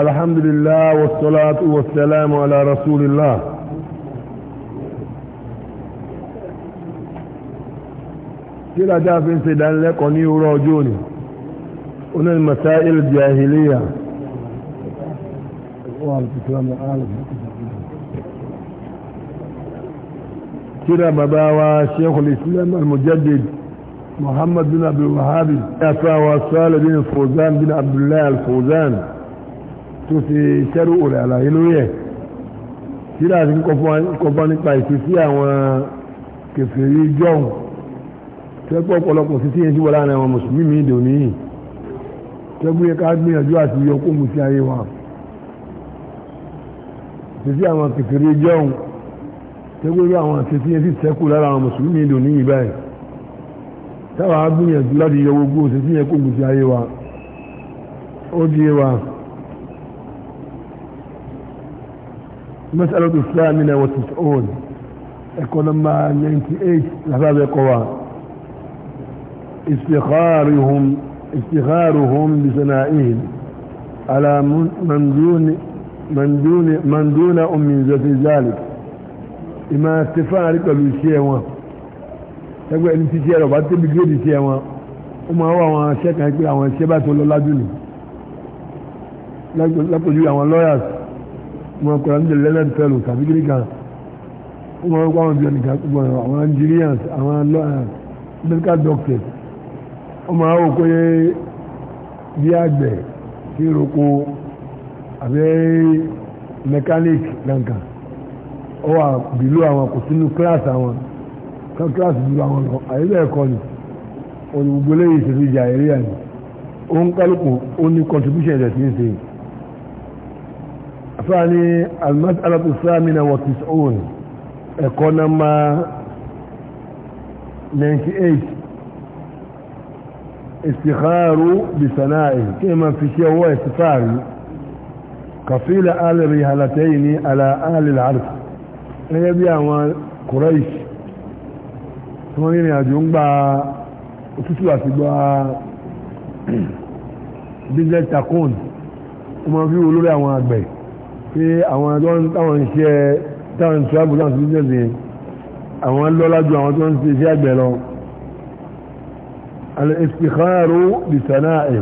الحمد لله والصلاة والسلام على رسول الله kí lájá fi ń ṣe ìdánilẹ́kọ̀ọ́ ní òwúrọ̀ ọjọ́ òní oní masáìl jahiliya kíra bàbá wa sheikhul islam al-mujaddid muhammad bin abdul wahhab ya fa wa salih bin fawzan bin abdullah al-fawzan tó ṣe ṣẹ́rù òrè àlàyé lórí ẹ̀ síra ti ń kọba nípa ìṣesí àwọn kèfèrí jọ̀hún tẹ́gbọ́ ọ̀pọ̀lọpọ̀ sí tíyẹn sí wọ́n láàrin àwọn mùsùlùmí mi dò níyìn tẹ́gbọ́ yẹ ká gbìyànjú àti yọ kó mu sí ayé wa ìṣesí àwọn kèfèrí jọ̀hún tẹ́gbọ́ yẹ àwọn àti tíyẹn sí sẹ́kù lára àwọn mùsùlùmí mi dò níyìn báyìí táwa gbìyànjú láti yọ gbogbo òṣèṣì yẹn kó mu sí ayé wa ó di wa. مسألة الثامنة والتسعون يكون لما 98 لحباب يقوى استخارهم استخارهم بسنائهم على من دون من دون من دون من ذلك إما استفارك بالشيوة يقول إن تشيروا بعد تبقى بالشيوة وما هو ما شكا يقول àwọn ìṣẹ́ bá لا lọ lájú ni lápòjú àwọn wọn kọ́ra ní lẹ́lẹ́ fẹ́lú tàbí kiri kan wọn kọ́ àwọn bíi ẹnìkan kúkú wọn àwọn nigerians àwọn eh, medical doctors wọn máa wò pé bí àgbẹ̀ kí roko àbí mechanic nǹkan ó wà bìlú àwọn kò sínú kíláàsì àwọn kan kíláàsì bìlú àwọn lọ àyè bẹ́ẹ̀ kọ́ ni olùgbòlè yìí ṣe fi jà èrè àná ó ń kálukú ó ní contribution rẹ̀ sí ń ṣe ثاني المسألة الثامنة والتسعون اقنما 98 استخار بسنائه كما في شيء هو استخار كفيل آل الرهالتين على آل العرف هي بيعوا قريش ثم ينعجون با وتسوى سبا بجل تكون وما فيه ولولي عوان أكبر pé àwọn táwọn iṣẹ́ táwọn iṣẹ́ àbúrò àti bíjẹ́sì àwọn lọ́lá ju àwọn tó ń ṣe iṣẹ́ àgbẹ̀ lọ al-istikharu bi sana'i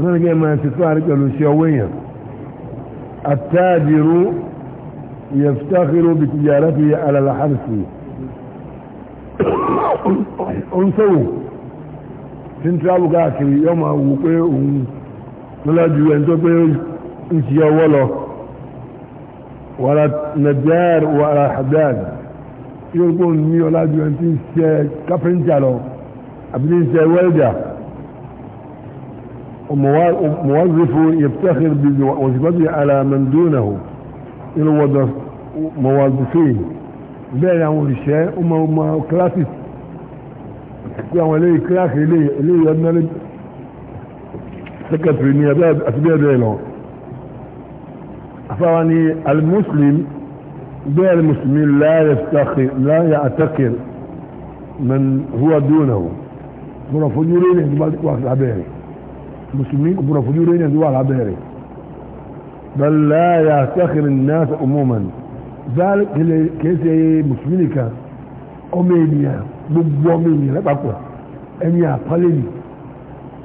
wọ́n ní kí ẹ máa ti fún àrí pẹ̀lú iṣẹ́ owó èèyàn at-tajiru yaftakhiru bi tijarati ala al-harsi sọ́wọ́ wàrà nàìjíríà wàrà hadan yóò gbó ní ọlájú ẹni tí ń ṣe kápẹ́ńtà lọ àbí tí ń ṣe wẹ́lẹ̀dà mọ̀wázifu yẹ̀pẹ́kẹ̀ bí wọ̀sibọ́bí alamẹ́ndónàwó nínú wọ́dọ̀ mọ̀wázifẹ́ bẹ́ẹ̀ ni àwọn òṣìṣẹ́ ọmọ ọmọ kíláàsì pé àwọn eléyìí kíláàsì eléyìí ọdún náà sẹ́kẹ̀tìrì ni àti bẹ́ẹ̀ bẹ́ẹ̀ lọ أخواني المسلم بين المسلمين لا يفتخر لا يعتقر من هو دونه برافوديرين يدوال عبيري المسلمين برافوديرين يدوال عبيري بل لا يعتقر الناس عموما ذلك كيسي مسلمينك أمينيا مبوميني لا تقوى أمينيا قليلي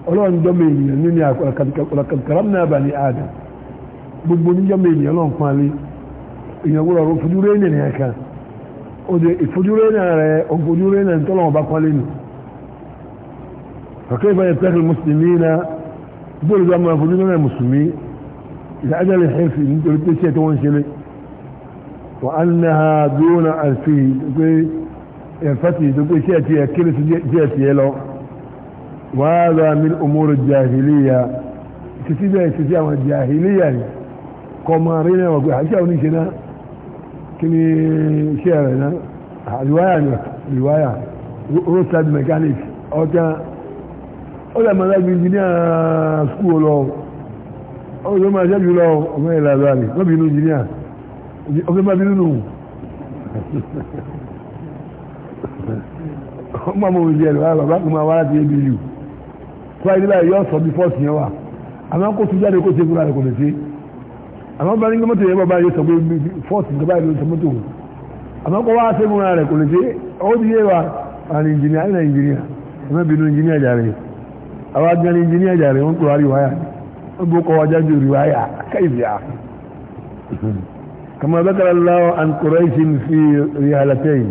أولو أن دومينيا نيني لقد كرمنا بني آدم gbogbo oníjọba ènìyàn náà ń pọn alẹ́ èèyàn gbọ́dọ̀ ọ̀rọ̀ fojú rẹ ènìyàn kan ó de ìfojú rẹ náà rẹ òfojú rẹ náà tọ́lọ̀ wọn bá pọn alẹ́ nù. ọ̀kẹ́ ìfẹ́ pẹ́kì mùsùlùmí náà gbọ́dọ̀ bí wọn máa fojú náà mùsùlùmí ìdá ajáàlẹ̀ hẹ́fì nítorí pé ṣe tí wọ́n ń ṣe lé wọ́n á ní ha dúró àfi pé ẹ̀fẹ́tì tó pé ṣe ti ẹ̀ kéré sí díẹ̀ sí ẹ lọ wàhálà min umuru jahiliya títí bẹ́ẹ̀ títí àwọn jahiliya yìí kọmọ rí náà wọ̀gbẹ̀ àti àwọn oníṣẹ́ náà kí ni iṣẹ́ rẹ̀ náà rìwáyà ni rìwáyà roadside mechanic ọjà ó dàmọ́ láti engineer school lọ ó ló máa ṣẹ́jú lọ ọmọ ìlà àbárí wọ́n bí inú engineer ọmọ ìbá bínú nù ọmọ ọmọ òṣìṣẹ́ rẹ̀ wá bàbá kò máa wá láti ebi yìí kó ayélujára yọ sọ bí fọ́ọ̀sì yẹn wà àmọ́ kó tún jáde kó ṣe fúnra rẹ̀ kò lè ṣe é àmọ́ bá nígbà mọ́tò yẹn bá báyìí sọ pé fọ́ọ̀tì tó báyìí ló sọ mọ́tò wò àmọ́ kọ́ wá sẹ́gun rẹ̀ kò lè ṣe ó ti yé wa àrùn ìjìnìyà ìnà ìjìnìyà ẹ̀mẹ́ bínú ìjìnìyà jàre àwọn agbẹ́ ní ìjìnìyà jàre wọ́n kúrò àríwáyà wọ́n bó kọ́ ọjà ju ríwáyà káyìfìyà kama zakara lawa an kùrẹ́ṣin fi rí halatẹ́yìn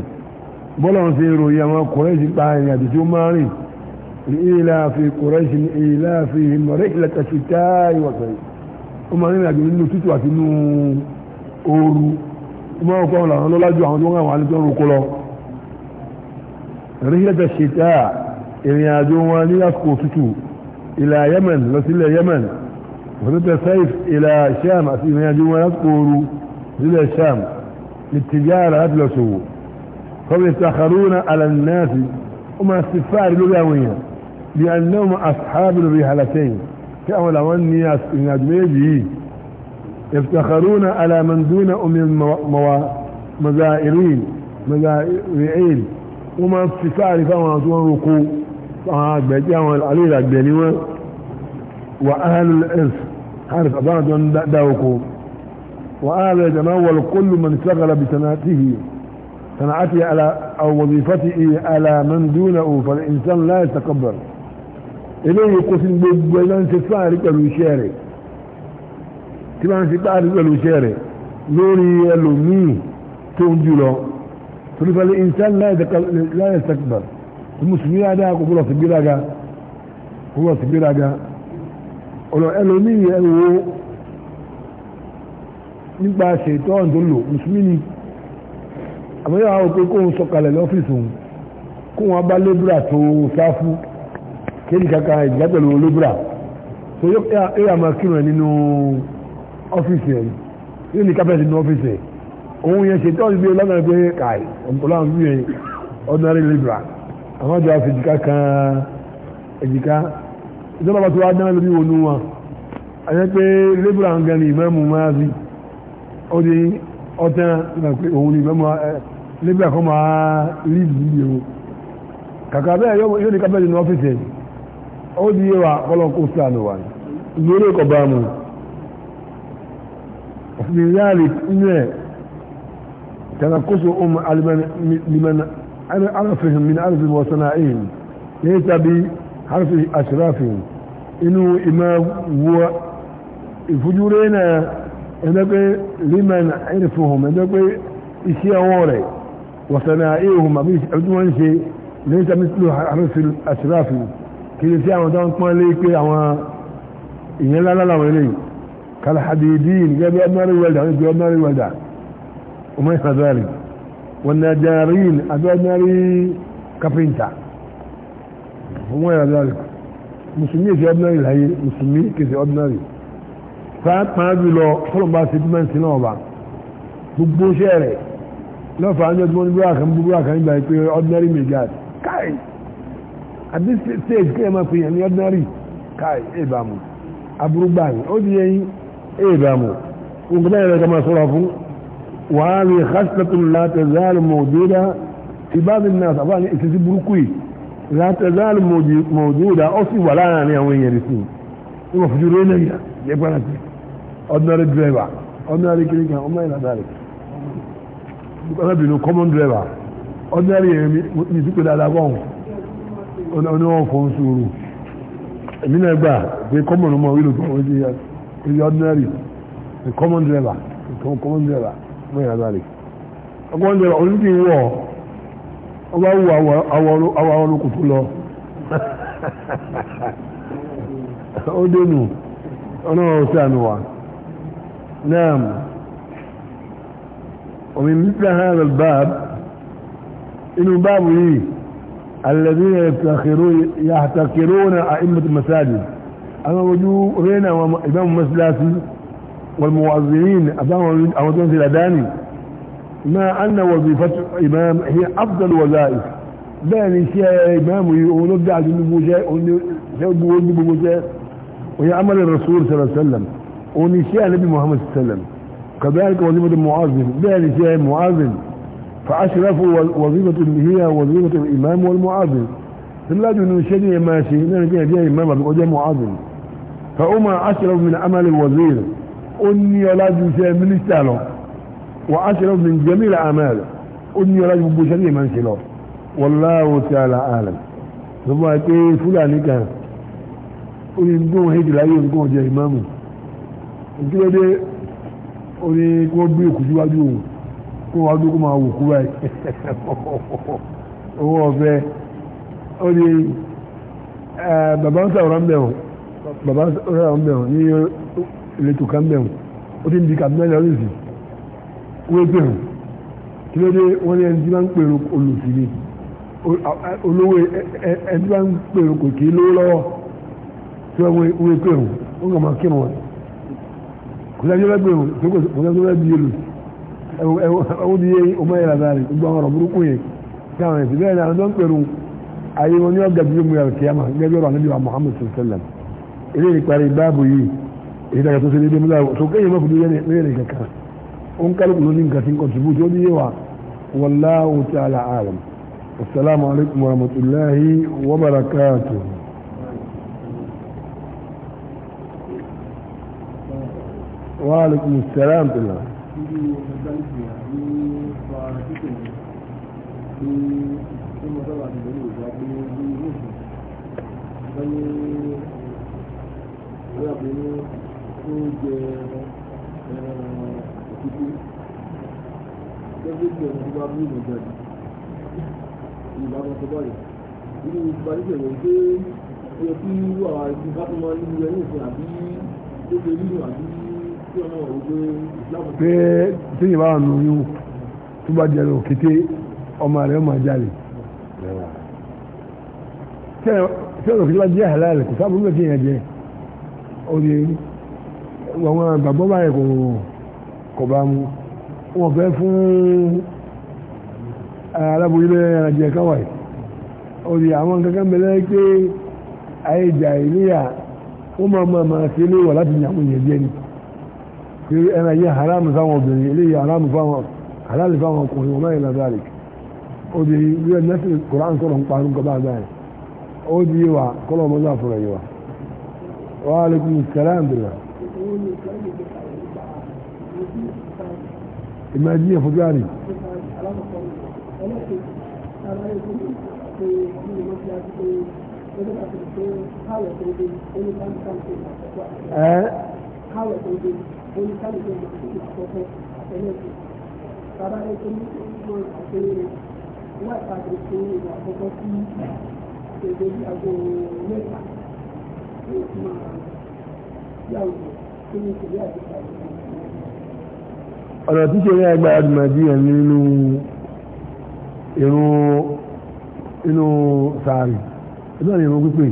bọ́lá fi ròyìn àwọn kùrẹ́ṣin báyìí ó máa rìnrìn àjò nínú tútù àti nínú ooru ó máa ń kọ́ ọ̀la àwọn lọ́lájú àwọn tó ń wà nítorí orúkọ lọ. ríṣẹ́tà ṣètà ìrìn àjò wọn ní àsìkò tútù ilà Yemen lọ sílẹ̀ Yemen ríṣẹ́tà saif ilà Sham àti ìrìn àjò wọn lásìkò ooru sílẹ̀ Sham ní tìjára láti lọ sòwò. kọ́bí sàkàrúnà alànàásì ó máa sì fáàrí lórí àwọn èèyàn bí annahum ashabu rihalatayn تأول أول نياس إن أدميجي يفتخرون على من دون أم الموا مزائرين مزائرين وما استفاري فما أتوان ركو فهاد بيتيا والعليل أكبيني و وأهل الإرس حرف أبان أتوان داوكو وآل يتناول كل من شغل بتناته تناته على أو وظيفته على من دونه فالإنسان لا يتقبل eléyìí kó sí gbogbo ẹ̀ lọ́n ṣe fáàrí pẹ̀lú iṣẹ́ rẹ̀ tí wọ́n ń ṣe fáàrí pẹ̀lú iṣẹ́ rẹ̀ lórí ẹlòmíì tó ń jùlọ torí pẹ̀lú insan láyé sẹ́kìbà mùsùlùmí adá kò gbọ́dọ̀ sí gbéraga kò sí gbéraga ọ̀rọ̀ ẹlòmíì ẹ nípa ṣètò ọ̀hún tó lò mùsùlùmí ni àmọ́ yóò wá pé kóun sọ̀kalẹ̀ lọ́fíìsì òun kóun abá lébúrà tó sáfù kéde kaka ìjágbẹ̀lú olóbúra so yọ ẹ̀yà máa kírun ẹ̀ nínú ọ́fíìsì ẹ̀ yóò ní kápẹ́ẹ̀tì nínú ọ́fíìsì ẹ̀ òun yẹn ṣe tọ́jú bí ọlọ́nà pé káì ọlọ́run bí yẹn ordinary libra àwọn àjọ àfẹ̀jìká kan ẹ̀jìká ìjọba bá tó wá dáná lórí wọnú wọn àyẹ́ pé libra ń gan ní ìmáàmù máa rí ó di ọtán nígbà pé òun ní ìmáàmù libra kan máa rí ìlú yẹn kàkà bẹ́ẹ̀ yóò ní kápẹ́ẹ̀tì nínú ọ́fíìsì ẹ̀ ó di yé wa kọ́lọ́n kó sí àná wa ni ìgbéró kọ̀ bá mu òfin yáàlì inú ẹ̀ tẹ̀lé kóso arafihim min wa harfi liman wa kìí sí àwọn tó ń pọ́n lé pé àwọn ìyẹn lálá làwọn eléyìí kalhadidin gẹ́gẹ́ ordinary welder wọ́n ti ordinary welder ọmọ ìhàzárì wọn najarin àti ordinary carpenter ọmọ ìhàzárì musulmi kìí ordinary láyé musulmi kìí ordinary pàápàá jùlọ fọlọmọba gbogbo iṣẹ́ rẹ̀ lọ́fà á ń jẹ́ tí wọ́n ní búrọ̀ àkàn búrọ̀ káì at this stage kí ẹ máa pèèyàn ní ordinary káì èèbàmù aburúgbà ni ó di yẹn èèbàmù nǹkan báyìí rẹ̀ ká máa sọ̀rọ̀ fún wàá ní khaslatun la tazal mawjuda fi ba'd an ní ìṣesí burúkú yìí la tazal mawjuda ó sì wà láàárín àwọn èèyàn rẹ̀ sí i wọ́n fojú rẹ̀ lẹ́yìn yẹ gbára sí ordinary driver ordinary kìnnìkan ọmọ ìlànà rẹ̀ ọmọbìnrin common driver ordinary èèyàn mi ti pè dáadáa bọ́ọ̀hún oníwọ̀n fún sùúrù èmi náà gbà pé common ọmọ wílò tó wọ́n di ordinary the common driver the common driver wọ́n yà lálẹ́ ọgbọ́n driver onídìí wọ̀ wọ́n bá wù àwọn olókùn tó lọ ó dénú ọlọ́run ọ̀sẹ̀ àná wa náà ومن مثل هذا الباب إنه باب يجي الذين يفتخرون يحتكرون أئمة المساجد أما وجوه رينا وإمام المسلاسي والمؤذنين أمام أودون الأداني ما أن وظيفة إمام هي أفضل وظائف بان شيء إمام ونبدع وهي ويعمل الرسول صلى الله عليه وسلم ونشاء نبي محمد صلى الله عليه وسلم كذلك وظيفة المؤذن بان شيء مؤذن فأشرف وظيفة هي وظيفة الإمام والمعاذن لا دون شيء ماشي إننا جاء جاء إمام بقى معاذن فأما أشرف من عمل الوزير أني لا دون من استعله وأشرف من جميل الأعمال أني لا دون شيء من استعله والله تعالى أعلم ثم أتي فلان كان onígbóhùn hejìlá yóò ní kó jẹ ìmáàmù ìkílódé onígbó gbé òkú síwájú kó wá dúkú máa wò kú báyìí owó ọ̀fẹ́ ó ní bàbá ń sàwòrán bẹ̀ wọ̀n bàbá ń sàwòrán bẹ̀ wọ̀n ní ìletò kan bẹ̀ wọ̀n ó ti ń di kàbínẹ́lì ọ̀rẹ́sì wọ́n pè wọ́n kí ló dé wọ́n ní ẹni tí wọ́n ń pèrò olùsí ni olówó ẹni tí wọ́n ń pèrò kò kí lówó lọ́wọ́ tí wọ́n wọ́n pè wọ́n wọ́n kàn máa kírun wọn kò sáyé wọ́n pè wọ́n kò sáyé wọ́n bí olùsí ẹwọ́n di yé ọmọ yẹn lazari gbogbo àwọn ọ̀rọ̀ burúkú yẹn káwọn ẹ̀sìn bẹ́ẹ̀ náà lọ́n pẹ̀lú ayé wọn ní ọ̀gá bíi mìíràn kíyàmà gẹ́gẹ́ bí ọ̀rọ̀ àníbi wa Muhammad sallam ilé ìparí báàbù yìí èyí tàgà tó ṣe déédéé múlá so kéèyàn má fi dúró lẹ́yìn kankan ó ń kálukú ló ní nǹkan tí ń kọ̀tùbù tó ní yé wa wallahu ta'ala alam assalamu alaikum wa rahmatullahi wa barakatuh wa alaikum assalam irú mẹkáníkì àbí fa títẹ̀ ní tí mo dábàá ti lórí ìgbà pé ó ní ilé ìsìn bá ní ìwé ń jẹ eh, òkúté gẹ́gẹ́ bí ẹ̀rọ bí ìmọ̀ jáde ìbámu tó bá yẹ irú ìgbàlejò rẹ̀ pé ó yẹ kí irú ìgbà tó máa ń lu ẹni ìsìn àbí tó ṣe rírun àbí pé tíyìn bá nù yún tó bá jẹ́ òkété ọmọ rẹ̀ ọmọ jáde tí ọ̀rọ̀ òkété bá jẹ́ halal kò sábà mẹ́fì yẹn jẹ́ orí àwọn àgbàgbọ́ báyìí kò kò bá mu wọ́n fẹ́ fún aláboyún ẹ̀rọ̀jẹ̀ káwáì orí àwọn kankan bẹ̀rẹ̀ pé ayéjà ìléyà ó máa máa máa ṣe léwọ̀ láti yàwọn yẹn jẹ́ ni pé ẹran yẹ haramu fáwọn obìnrin eléyìí haramu fáwọn halali fáwọn ọkùnrin wọn báyìí lábẹ́rẹ́ obìnrin bí ẹ nẹ́sìn koran sọ̀rọ̀ ń parun kọ́ báyìí báyìí ó di yé wa kọ́lọ̀ ọmọ náà fọ̀rọ̀ yé wa. wa salaam bìrẹ̀. ìmọ̀ ẹ̀dí yẹn ẹ oníkálùkù ìlú àkọ́kọ́ àtẹlẹ́kù bàbá rẹ̀ tó ní ìlú àpẹẹrẹ wọ́n àpàdé fún ìlú àkọ́kọ́ sí èdè bí aago mẹ́ta tí ó ti máa ọ̀rọ̀ tí ṣe ní agbára nínú inú sàárì ìlú àwọn ìrùn pípé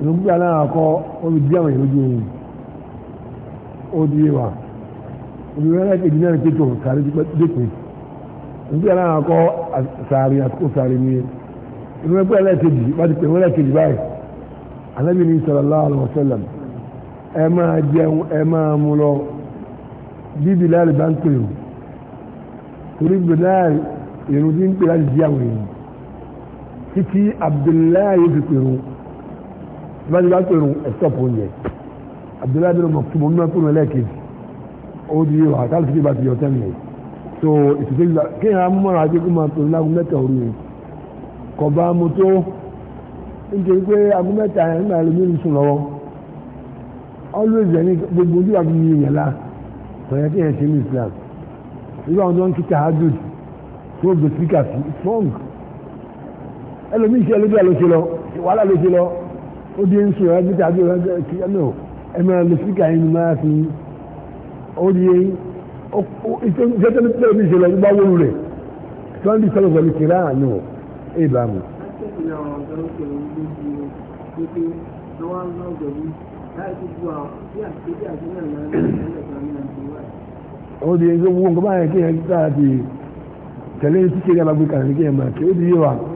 ìrùn pípé aláàkọ́ orí díẹ̀ ojú ohun odi wa olùwẹ́rẹ́ ẹ̀kejì náà ké tó sàárì tó dẹ́kun níbi àná àkọ́ sàárì àkókò sàárì ni inú ẹgbẹ́ ẹlẹ́kejì wá ti pè wọ́n ẹlẹ́kejì báyìí anábì ní sallallahu alaihi wasallam ẹ máa jẹun ẹ máa mú lọ bíbí láàrì bá ń pè ó torí bìláàrì èrò tí ń pè láti jí àwọn èèyàn títí abdullahi fi pè ó bá ti bá pè ó ẹ̀ sọ́ọ̀pù oúnjẹ. abdullahi bin maktum ọmọ náà kúrò lẹ́ẹ̀kejì ó di yóò àtàlù síbi ìbàdí ọ̀tẹ́ mi so ìtùtù ìgbà kí n àmọ́ àti kí n máa tòun lágùn mẹ́ta òru yẹn kọ̀ na mo tó ń jẹ́ pé agùn mẹ́ta na always gbogbo ojú àti yìí yẹn la ya kí yẹn Islam strong lọ di ẹ máa lo síkà yìí máa fi ó di iṣẹ́ tó ní pẹ́ ní ìṣẹ̀lẹ̀ nígbà wọ́n rẹ̀ tí wọ́n ti sọ̀rọ̀ pẹ̀lú kìlá àánú ẹ̀ ó di ẹgbẹ́ wọn kọ́ báyẹn kí ẹ tẹ̀lé títí kí ẹ bá gbé kàrí kí ẹ máa kí ó di yé wa.